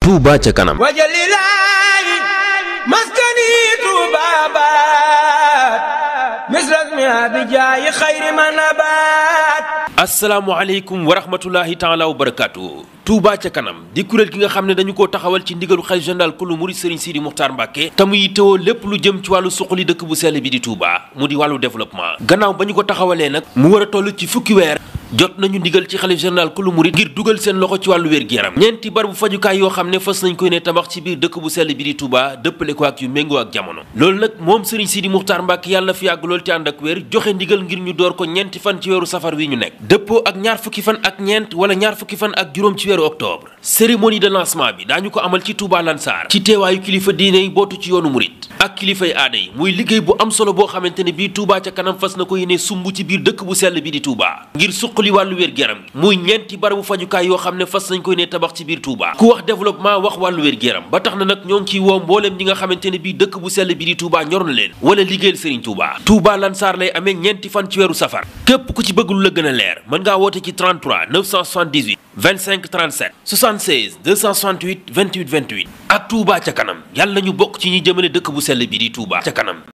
Touba ca kanam wajalilaahi maskani Touba baat misrasmi abijaayi xayri ma nabaat asalaamaaleykum wa rahmatulahi taala wa barakaatu Touba ca kanam di kuréel ki nga xam ne dañu ko taxawal ci ndigalu xalifa général kulu murid Serigne Sidi Muxtaar Mbàkke te muy tëwoo lépp lu jëm ci wàllu suqali dëkk bu sell bi di Touba mu di wàllu développement gannaaw ba ñu ko taxawalee nag mu war a toll ci fukki weer jot nañu ndigal ci xalif général kulu murit ngir dugal seen loxo ci wàllu wér-gi-yaram ñeenti barabu fajukaay yoo xam ne fas na koy ne tabax ci biir dëkk bu sell bi di Touba dëppale ko ak yu méngoo ak jamono loolu nag moom sëriñ Sidi Muxtaar Mbàkke yàlla fi yàgg lool ci ànd ak wér joxe ndigal ngir ñu door ko ñeenti fan ci weeru safar wi ñu nekk dëppoo ak ñaar fukki fan ak ñeent wala ñaar fan ak juróom ci weeru octobre cérémonie de lancement bi daañu ko amal ci Touba Lansar ci teewaayu kilifa diine yi bootu ci yoonu murit ak kilifay aada yi muy liggéey bu am solo boo xamante ne bii Touba ca kanam fas na ko yéene sumb ci biir dëkk bu sell bi di Touba ngir suq suqali wàllu wér-gu-yaram gi muy ñeenti barabu fajukaay yoo xam ne fas nañ koy ne tabax ci biir Touba ku wax développement wax wàllu wér-gu-yaram ba tax na nag ñoo ngi ciy woo mbooleem ñi nga xamante ne bii dëkk bu sell bi di Touba ñor na leen wala liggéeyal Serigne Touba Touba Lansar lay amee ñeenti fan ci weeru safar képp ku ci bëgg lu la gën a leer mën ngaa woote ci 33 978 25 37 76 268 28 28 ak Touba ca kanam yàlla ñu bokk ci ñi jëmale dëkk bu sell bi di Touba ca kanam